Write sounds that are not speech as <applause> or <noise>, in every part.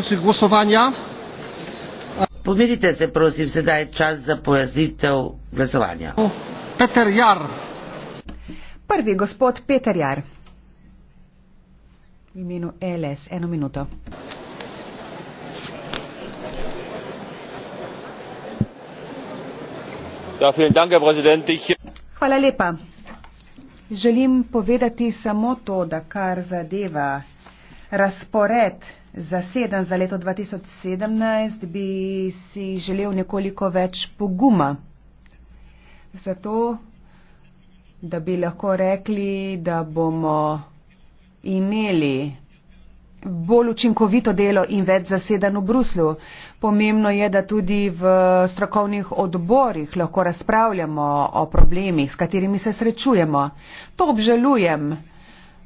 przewodniczących głosowania. Pomylite się, proszę, że daje czas za pojaśnitel głosowania. Peter Jar. Pierwszy gospod Peter Jar. W imieniu LS, jedną minutę. Hvala lepa. Želim povedati samo to, da kar zadeva razpored zaseden za leto 2017, bi si želel nekoliko več poguma. Zato, da bi lahko rekli, da bomo imeli bolj učinkovito delo in več zaseden v Bruslu. Pomembno je, da tudi v strokovnih odborih lahko razpravljamo o problemih, s katerimi se srečujemo. To obžalujem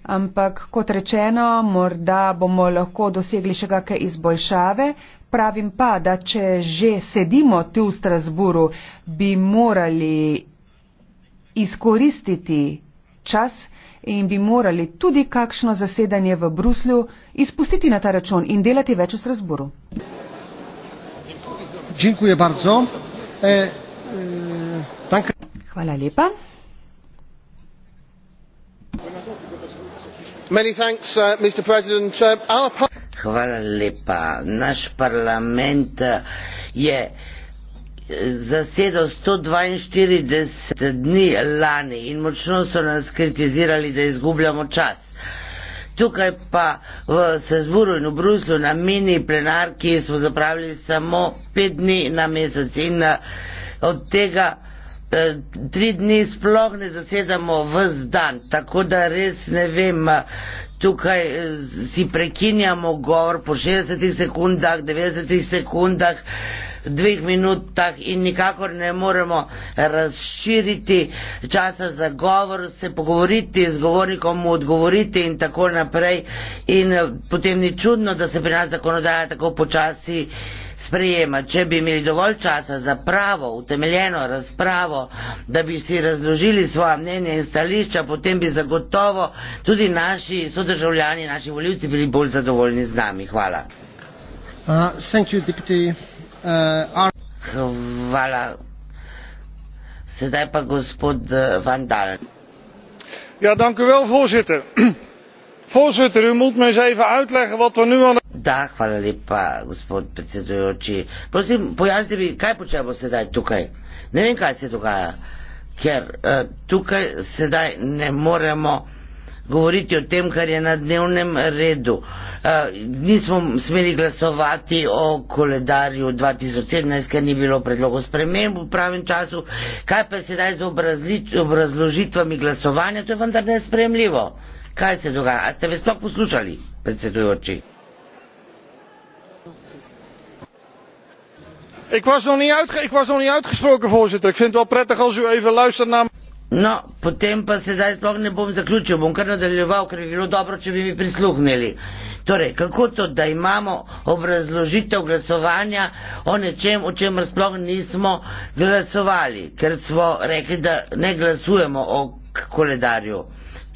ampak kot rečeno, morda bomo lahko dosegli še kakšne izboljšave. Pravim pa, da če že sedimo tu v Strasburu, bi morali izkoristiti čas in bi morali tudi kakšno zasedanje v Bruslju izpustiti na ta račun in delati več v Strasburu. E, e, Hvala lepa. Uh, uh, Hvala lepa. Naš parlament uh, je zasedal 142 dni lani in močno so nas kritizirali, da izgubljamo čas. Tukaj pa v Sezburu in v Bruslu na mini plenarki smo zapravili samo pet dni na mesec in od tega Eh, tri dni sploh ne zasedamo v dan, tako da res ne vem, eh, tukaj eh, si prekinjamo govor po 60 sekundah, 90 sekundah dveh minutah in nikakor ne moremo razširiti časa za govor, se pogovoriti z govornikom, mu odgovoriti in tako naprej. In eh, potem ni čudno, da se pri nas zakonodaja tako počasi sprejema. Če bi imeli dovolj časa za pravo, utemeljeno razpravo, da bi si razložili svoja mnenja in stališča, potem bi zagotovo tudi naši sodržavljani, naši voljivci bili bolj zadovoljni z nami. Hvala. Uh, thank you, deputy. Uh, hvala. Sedaj pa gospod eh, Vandal. Ja, dank u wel, voorzitter. <clears throat> voorzitter, u moet me eens even uitleggen wat we er nu aan. Da, hvala lepa, gospod predsedujoči. Prosim, pojasni mi, kaj počnemo sedaj tukaj? Ne vem, kaj se dogaja. Ker uh, tukaj sedaj ne moremo govoriti o tem, kar je na dnevnem redu. Uh, Eh, nismo smeli glasovati o koledarju 2017, ker ni bilo predlogo sprememb v pravem času. Kaj pa se daj z obrazložitvami glasovanja, to je vendar nespremljivo. Kaj se dogaja? A ste me sploh poslušali, predsedujoči? No, potem pa se zdaj sploh ne bom zaključil, bom kar nadaljeval, ker bi bilo dobro, če bi mi prisluhnili. Torej, kako to, da imamo obrazložitev glasovanja o nečem, o čemer sploh nismo glasovali, ker smo rekli, da ne glasujemo o koledarju.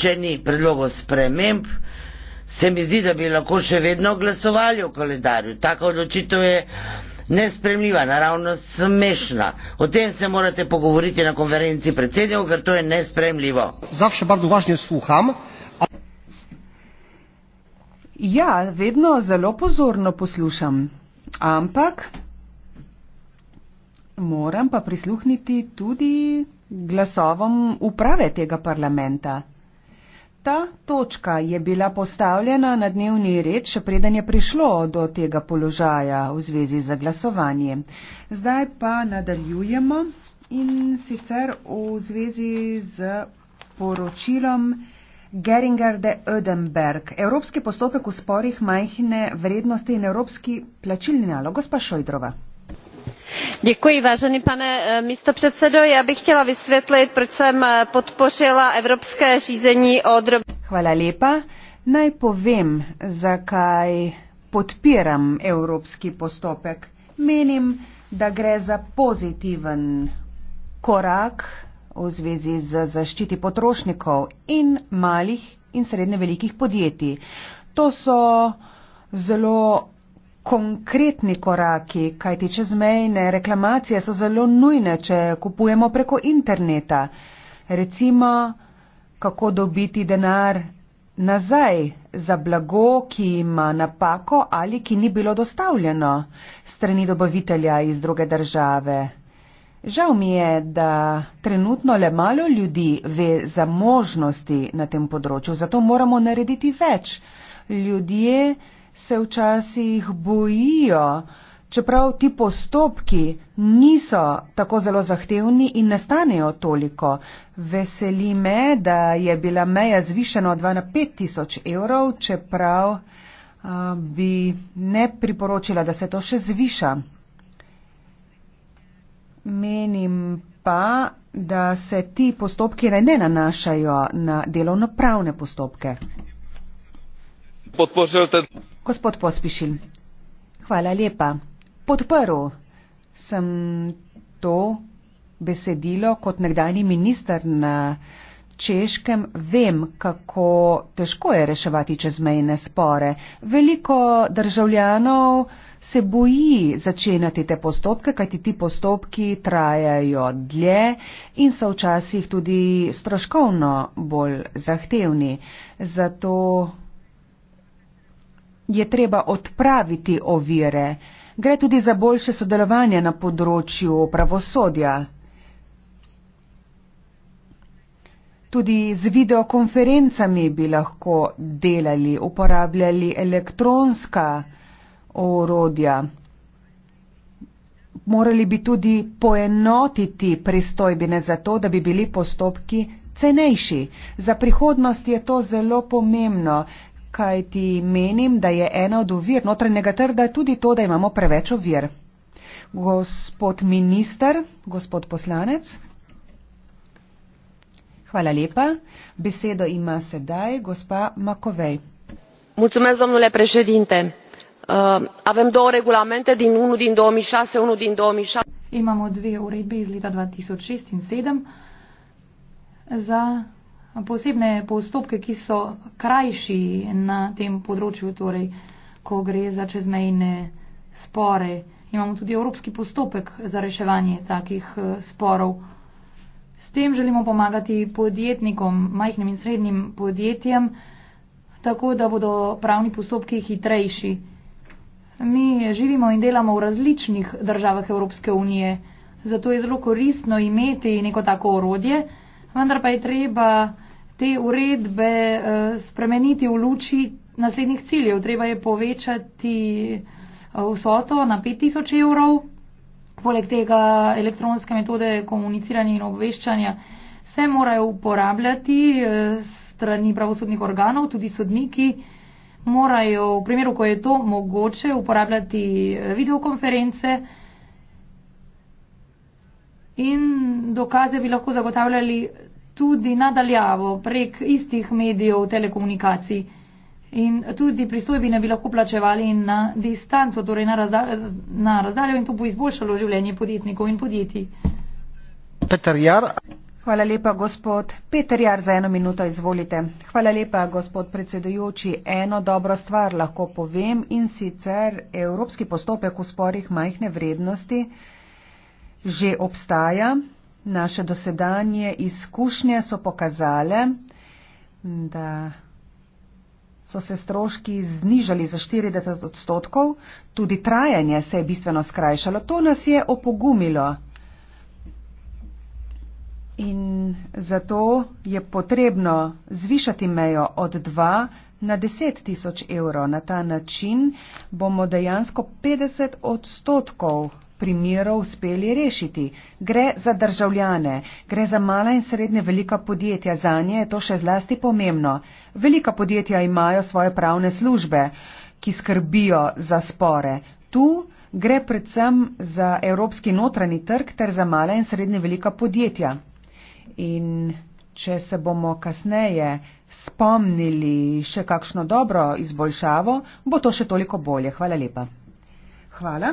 Če ni predlogo sprememb, se mi zdi, da bi lahko še vedno glasovali o koledarju. Taka odločitev je nespremljiva, naravno smešna. O tem se morate pogovoriti na konferenci predsednikov, ker to je nespremljivo. Zavšem bardzo važno slušam. Ja, vedno zelo pozorno poslušam, ampak moram pa prisluhniti tudi glasovom uprave tega parlamenta. Ta točka je bila postavljena na dnevni red, še preden je prišlo do tega položaja v zvezi z glasovanjem. Zdaj pa nadaljujemo in sicer v zvezi z poročilom. Geringarde Ödenberg, Evropski postopek v sporih majhne vrednosti in Evropski plačilni nalog, gospa Šojdrova. Děkuji, vážený pane eh, místo předsedo. Já bych chtěla vysvětlit, proč jsem eh, podpořila evropské řízení o drob... Hvala lepa. Najpovím, zakaj podpíram evropský postopek. Měním, da gre za pozitiven korak v zvezi z zaščiti potrošnikov in malih in srednje velikih podjetij. To so zelo konkretni koraki, kajti čezmejne reklamacije so zelo nujne, če kupujemo preko interneta. Recimo, kako dobiti denar nazaj za blago, ki ima napako ali ki ni bilo dostavljeno strani dobavitelja iz druge države. Žal mi je, da trenutno le malo ljudi ve za možnosti na tem področju, zato moramo narediti več. Ljudje se včasih bojijo, čeprav ti postopki niso tako zelo zahtevni in ne stanejo toliko. Veseli me, da je bila meja zvišena od 2 na 5 tisoč evrov, čeprav a, bi ne priporočila, da se to še zviša. Menim pa, da se ti postopki naj ne nanašajo na delovno pravne postopke. Gospod Pospišin, hvala lepa. Podprl sem to besedilo kot nekdani minister na Češkem. Vem, kako težko je reševati čezmejne spore. Veliko državljanov se boji začenjati te postopke, kajti ti postopki trajajo dlje in so včasih tudi stroškovno bolj zahtevni. Zato je treba odpraviti ovire. Gre tudi za boljše sodelovanje na področju pravosodja. Tudi z videokonferencami bi lahko delali, uporabljali elektronska orodja. Morali bi tudi poenotiti pristojbine za to, da bi bili postopki cenejši. Za prihodnost je to zelo pomembno, kaj ti menim, da je ena od uvir notranjega trda tudi to, da imamo preveč uvir. Gospod minister, gospod poslanec. Hvala lepa. Besedo ima sedaj gospa Makovej. Mulțumesc, domnule președinte. Um, avem două regulamente unul din două mii șase unul din. două mii șapte imamo dve uredbi iz leta dva tisoč šest in sedem za posebne postopke ki so krajši na tem področju torej ko gre za čezmejne spore imamo tudi evropski postopek za reševanje takih eh, sporov s tem želimo pomagati podjetnikom majhnim in srednjim podjetjem tako da bodo pravni postopki hitrejši Mi živimo in delamo v različnih državah Evropske unije, zato je zelo koristno imeti neko tako orodje, vendar pa je treba te uredbe eh, spremeniti v luči naslednjih ciljev. Treba je povečati eh, vsoto na 5000 evrov, poleg tega elektronske metode komuniciranja in obveščanja se morajo uporabljati eh, strani pravosodnih organov, tudi sodniki morajo v primeru, ko je to mogoče, uporabljati eh, videokonference in dokaze bi lahko zagotavljali tudi nadaljavo prek istih medijev telekomunikacij. In tudi pristojbine bi lahko plačevali na distanco, torej na, razdal na razdaljo in to bo izboljšalo življenje podjetnikov in podjetij. Petar Jar. Hvala lepa, gospod Peter Jar, za eno minuto izvolite. Hvala lepa, gospod predsedujoči. Eno dobro stvar lahko povem in sicer evropski postopek v sporih majhne vrednosti že obstaja. Naše dosedanje izkušnje so pokazale, da so se stroški znižali za 40 odstotkov, tudi trajanje se je bistveno skrajšalo. To nas je opogumilo In zato je potrebno zvišati mejo od 2 na 10 tisoč evrov. Na ta način bomo dejansko 50 odstotkov primerov uspeli rešiti. Gre za državljane, gre za mala in srednje velika podjetja. Za nje je to še zlasti pomembno. Velika podjetja imajo svoje pravne službe, ki skrbijo za spore. Tu gre predvsem za evropski notranji trg ter za mala in srednje velika podjetja in če se bomo kasneje spomnili še kakšno dobro izboljšavo, bo to še toliko bolje. Hvala lepa. Hvala.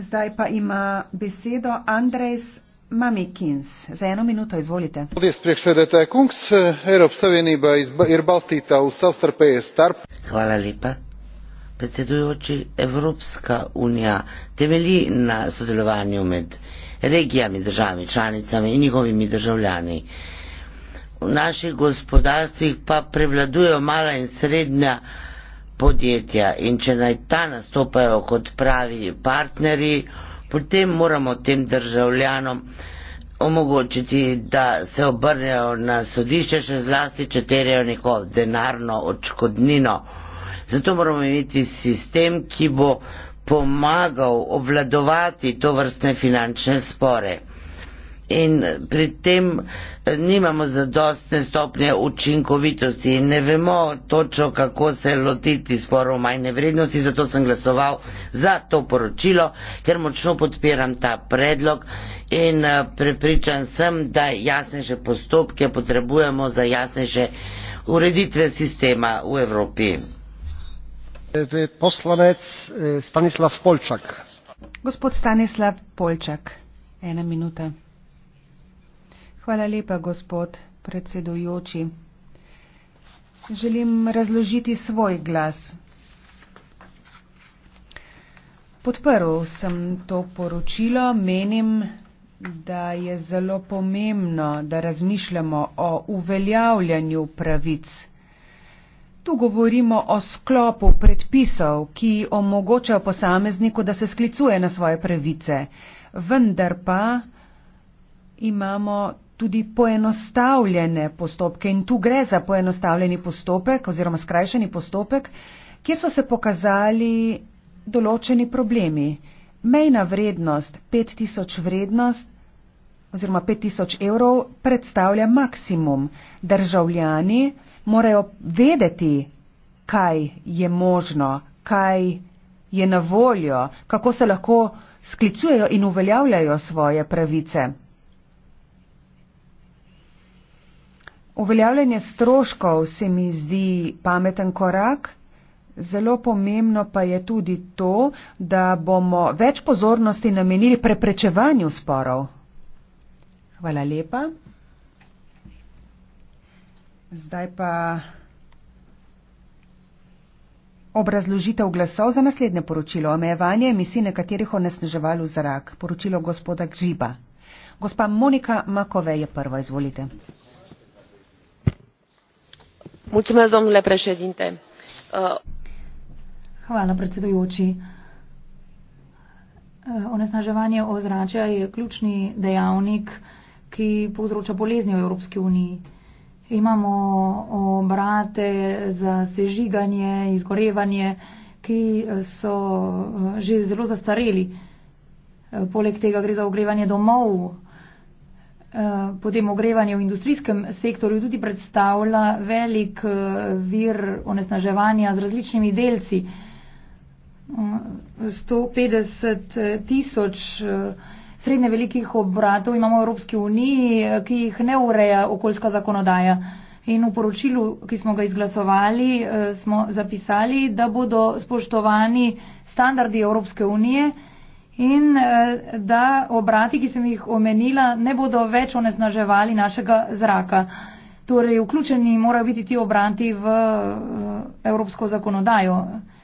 Zdaj pa ima besedo Andrejs Mamikins. Za eno minuto izvolite. Hvala lepa. Predsedujoči Evropska unija temelji na sodelovanju med regijami, državami, članicami in njihovimi državljani. V naših gospodarstvih pa prevladujejo mala in srednja podjetja in če naj ta nastopajo kot pravi partnerji, potem moramo tem državljanom omogočiti, da se obrnejo na sodišče še zlasti, če terjajo neko denarno odškodnino. Zato moramo imeti sistem, ki bo pomagal obvladovati to vrstne finančne spore. In pri tem eh, nimamo zadostne stopnje učinkovitosti in ne vemo točno, kako se lotiti sporov majne vrednosti. Zato sem glasoval za to poročilo, ker močno podpiram ta predlog in eh, prepričan sem, da jasnejše postopke potrebujemo za jasnejše ureditve sistema v Evropi. E, gospod stanislav polčak ena minuta hvala lepa gospod predsedujoči želim razložiti svoj glas podprl sem to poročilo menim da je zelo pomembno da razmišljamo o uveljavljanju pravic tu govorimo o sklopu predpisov, ki omogočajo posamezniku, da se sklicuje na svoje pravice. Vendar pa imamo tudi poenostavljene postopke in tu gre za poenostavljeni postopek oziroma skrajšeni postopek, kjer so se pokazali določeni problemi. Mejna vrednost, 5000 vrednost, oziroma 5000 evrov predstavlja maksimum. Državljani morajo vedeti, kaj je možno, kaj je na voljo, kako se lahko sklicujejo in uveljavljajo svoje pravice. Uveljavljanje stroškov se mi zdi pameten korak. Zelo pomembno pa je tudi to, da bomo več pozornosti namenili preprečevanju sporov. Hvala lepa. Zdaj pa obrazložitev glasov za naslednje poročilo. Omejevanje emisij nekaterih onesnaževal v zrak. Poročilo gospoda Gžiba. Gospa Monika Makove je prva. Izvolite. Uh, Hvala, predsedujoči. Uh, onesnaževanje ozračja je ključni dejavnik ki povzroča bolezni v Evropski uniji. Imamo obrate za sežiganje, izgorevanje, ki so eh, že zelo zastareli. Eh, poleg tega gre za ogrevanje domov. Eh, potem ogrevanje v industrijskem sektorju tudi predstavlja velik vir onesnaževanja z različnimi delci. 150 mm, tisoč srednje velikih obratov imamo v Evropski uniji, ki jih ne ureja okoljska zakonodaja. In v poročilu, ki smo ga izglasovali, eh, smo zapisali, da bodo spoštovani standardi Evropske unije in eh, da obrati, ki sem jih omenila, ne bodo več onesnaževali našega zraka. Torej, vključeni morajo biti ti obranti v eh, evropsko zakonodajo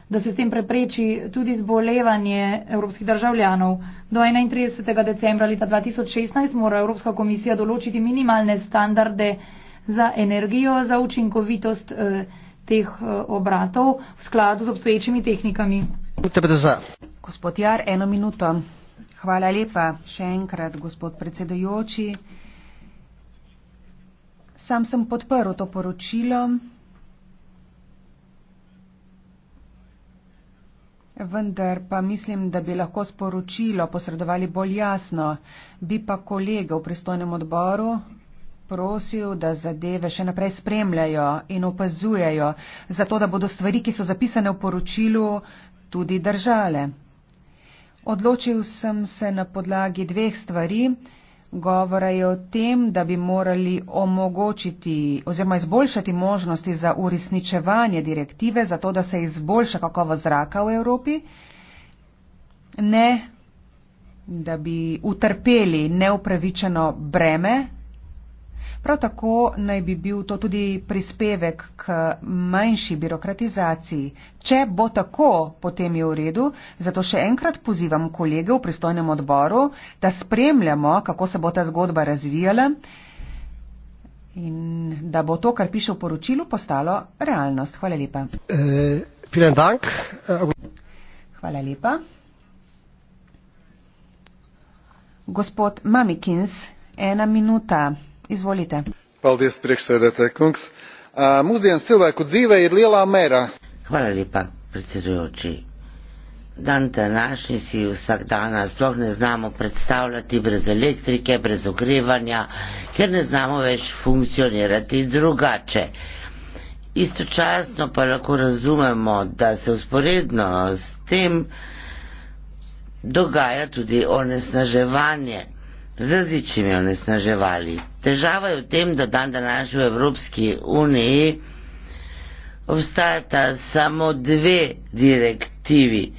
da se s tem prepreči tudi zbolevanje evropskih državljanov. Do 31. decembra leta 2016 mora Evropska komisija določiti minimalne standarde za energijo, za učinkovitost eh, teh eh, obratov v skladu z obstoječimi tehnikami. Gospod Jar, eno minuto. Hvala lepa še enkrat, gospod predsedujoči. Sam sem podprl to poročilo. Vendar pa mislim, da bi lahko sporočilo posredovali bolj jasno. Bi pa kolege v pristojnem odboru prosil, da zadeve še naprej spremljajo in opazujejo, zato da bodo stvari, ki so zapisane v poročilu, tudi držale. Odločil sem se na podlagi dveh stvari. Govora je o tem, da bi morali omogočiti oziroma izboljšati možnosti za uresničevanje direktive, zato da se izboljša kakovo zraka v Evropi. Ne, da bi utrpeli neupravičeno breme Prav tako naj bi bil to tudi prispevek k manjši birokratizaciji. Če bo tako, potem je v redu, zato še enkrat pozivam kolege v pristojnem odboru, da spremljamo, kako se bo ta zgodba razvijala in da bo to, kar piše v poročilu, postalo realnost. Hvala lepa. Eh, Hvala lepa. Gospod Mamikins, ena minuta mūsdienas cilvēku dzīvē ir lielā mērā. Hvala lepa, predsedujoči. Dan današnji si vsak dan sploh ne znamo predstavljati brez elektrike, brez ogrevanja, ker ne znamo več funkcionirati drugače. Istočasno pa lahko razumemo, da se usporedno s tem dogaja tudi onesnaževanje z različnimi onesnaževali. Težava je v tem, da dan danes v Evropski uniji obstajata samo dve direktivi,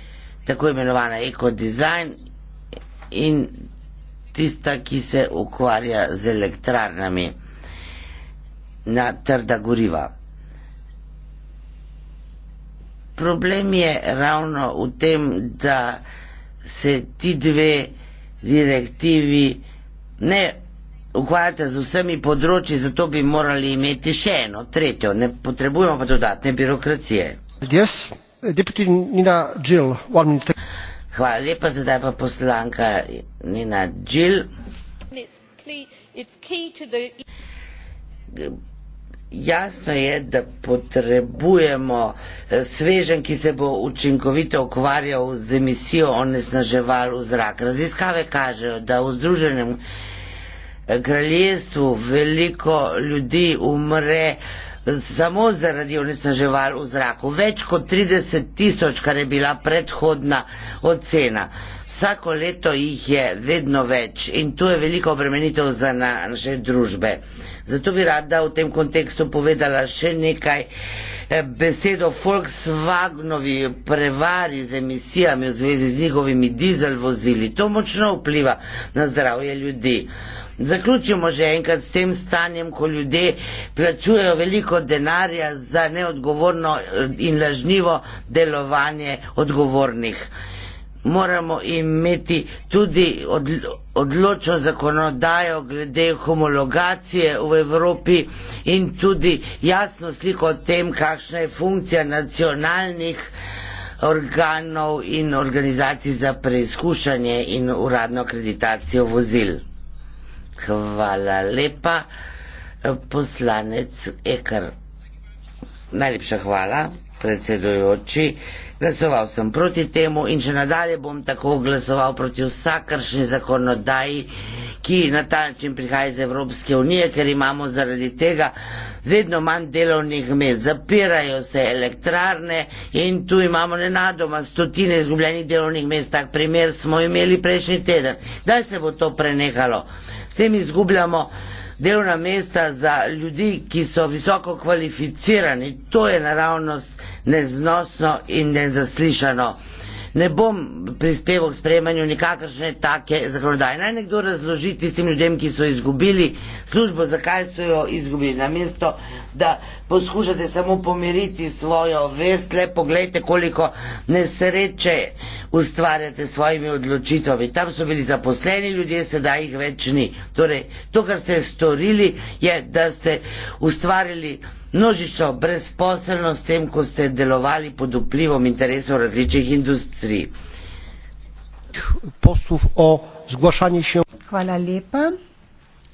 tako imenovana ekodizajn in tista, ki se ukvarja z elektrarnami na trda goriva. Problem je ravno v tem, da se ti dve direktivi ne ukvarjate z vsemi področji, zato bi morali imeti še eno, tretjo. Ne potrebujemo pa dodatne birokracije. Yes. Jill, Hvala lepa, zdaj pa poslanka Nina Džil. Jasno je, da potrebujemo eh, svežen, ki se bo učinkovito ukvarjal z emisijo onesnaževal v zrak. Raziskave kažejo, da v združenem kraljestvu veliko ljudi umre samo zaradi onesnaževal v zraku. Več kot 30 tisoč, kar je bila predhodna ocena. Vsako leto jih je vedno več in to je veliko obremenitev za naše družbe. Zato bi rada v tem kontekstu povedala še nekaj eh, besed o Volkswagenovi prevari z emisijami v zvezi z njihovimi dizel vozili. To močno vpliva na zdravje ljudi. Zaključimo že enkrat s tem stanjem, ko ljudje plačujejo veliko denarja za neodgovorno eh, in lažnivo delovanje odgovornih. Moramo imeti tudi odločno zakonodajo glede homologacije v Evropi in tudi jasno sliko o tem, kakšna je funkcija nacionalnih eh, organov in organizacij za preizkušanje in uradno akreditacijo vozil. Hvala lepa, poslanec Ekr. Najlepša hvala, predsedujoči. Glasoval sem proti temu in še nadalje bom tako glasoval proti vsakršni zakonodaji, ki na ta način prihaja iz Evropske unije, ker imamo zaradi tega vedno manj delovnih mest, zapirajo se elektrarne in tu imamo nenadoma stotine izgubljenih delovnih mest. Tak primer smo imeli prejšnji teden. Da se bo to prenehalo? S tem izgubljamo delovna mesta za ljudi, ki so visoko kvalificirani. To je naravnost neznosno in nezaslišano ne bom prispeval k sprejemanju nikakršne take zakonodaje. Naj nekdo razloži tistim ljudem, ki so izgubili službo, zakaj so jo izgubili. Namesto, da poskušate samo pomiriti svojo vest, le pogledajte, koliko nesreče ustvarjate svojimi odločitvami. Tam so bili zaposleni ljudje, sedaj jih več ni. Torej, to, kar ste storili, je, da ste ustvarili množično brezposelnost, tem, ko ste delovali pod vplivom interesov različnih industrij. Hvala lepa.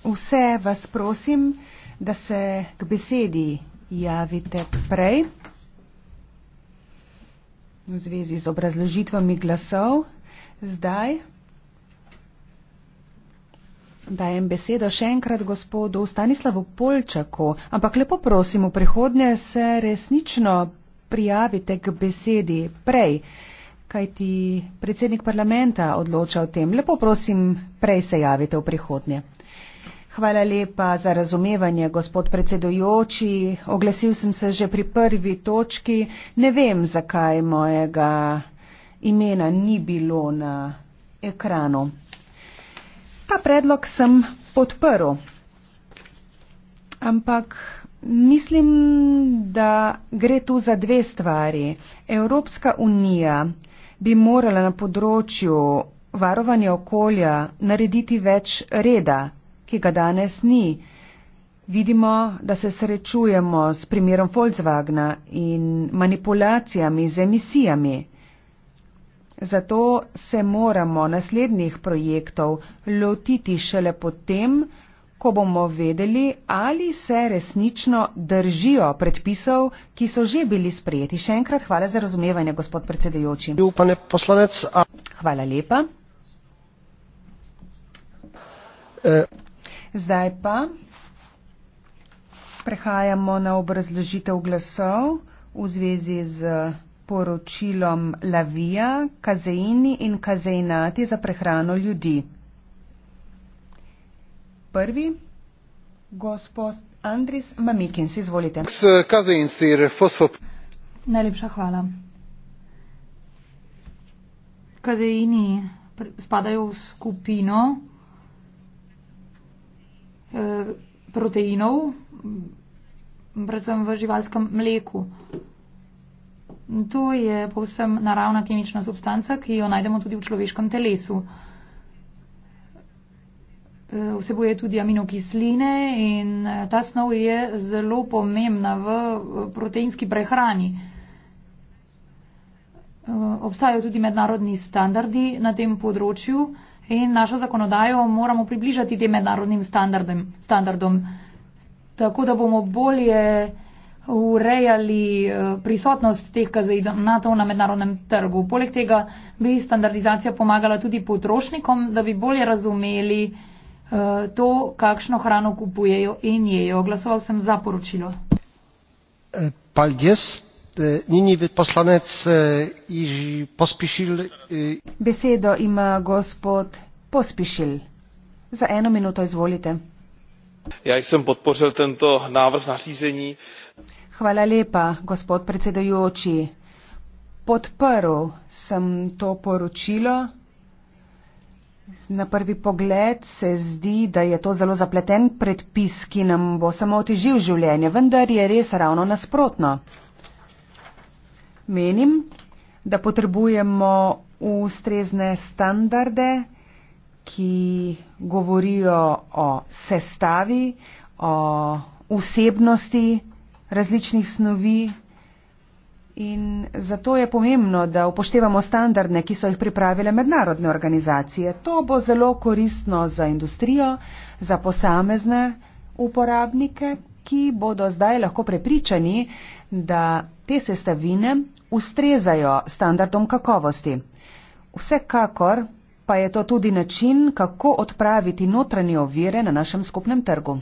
Vse vas prosim, da se k besedi javite prej v zvezi z obrazložitvami glasov. Zdaj. Dajem besedo še enkrat gospodu Stanislavu Polčaku, ampak lepo prosim, v prihodnje se resnično prijavite k besedi prej, kajti predsednik parlamenta odloča o tem. Lepo prosim, prej se javite v prihodnje. Hvala lepa za razumevanje, gospod predsedujoči. Oglasil sem se že pri prvi točki. Ne vem, zakaj mojega imena ni bilo na ekranu predlog sem podprl, ampak mislim, da gre tu za dve stvari. Evropska unija bi morala na področju varovanja okolja narediti več reda, ki ga danes ni. Vidimo, da se srečujemo s primerom Volkswagna in manipulacijami z emisijami. Zato se moramo naslednjih projektov lotiti šele potem, ko bomo vedeli, ali se resnično držijo predpisov, ki so že bili sprejeti. Še enkrat hvala za razumevanje, gospod predsedujoči. Hvala lepa. E- Zdaj pa prehajamo na obrazložitev glasov v zvezi z priporočilom Lavija, kazeini in kazeinati za prehrano ljudi. Prvi, gospod Andris Mamikins, izvolite. Najlepša hvala. Kazeini spadajo v skupino eh, proteinov, predvsem v živalskem mleku. To je povsem naravna kemična substanca, ki jo najdemo tudi v človeškem telesu. E, vsebuje tudi aminokisline in e, ta snov je zelo pomembna v e, proteinski prehrani. Obstajajo tudi mednarodni standardi na tem področju in našo zakonodajo moramo približati tem mednarodnim standardom, tako da bomo bolje urejali eh, prisotnost teh kazaidonatov na mednarodnem trgu. Poleg tega bi standardizacija pomagala tudi potrošnikom, da bi bolje razumeli eh, to, kakšno hrano kupujejo in jejo. Glasoval sem za poročilo. Eh, pa jaz, nini poslanec, iž pospišil. Besedo ima gospod pospišil. Za eno minuto izvolite ja sem podporil tento návrh nařízení. Hvala lepa, gospod predsedujoči. Podprl sem to poročilo. Na prvi pogled se zdi, da je to zelo zapleten predpis, ki nam bo samo otežil življenje, vendar je res ravno nasprotno. Menim, da potrebujemo ustrezne standarde, ki govorijo o sestavi, o vsebnosti različnih snovi. In zato je pomembno, da upoštevamo standardne, ki so jih pripravile mednarodne organizacije. To bo zelo koristno za industrijo, za posamezne uporabnike, ki bodo zdaj lahko prepričani, da te sestavine ustrezajo standardom kakovosti. Vsekakor pa je to tudi način, kako odpraviti notranje ovire na našem skupnem trgu.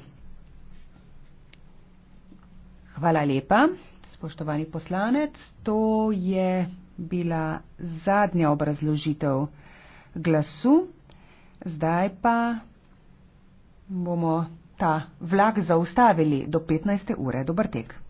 Hvala lepa, spoštovani poslanec. To je bila zadnja obrazložitev glasu. Zdaj pa bomo ta vlak zaustavili do 15. ure. Dobar tek.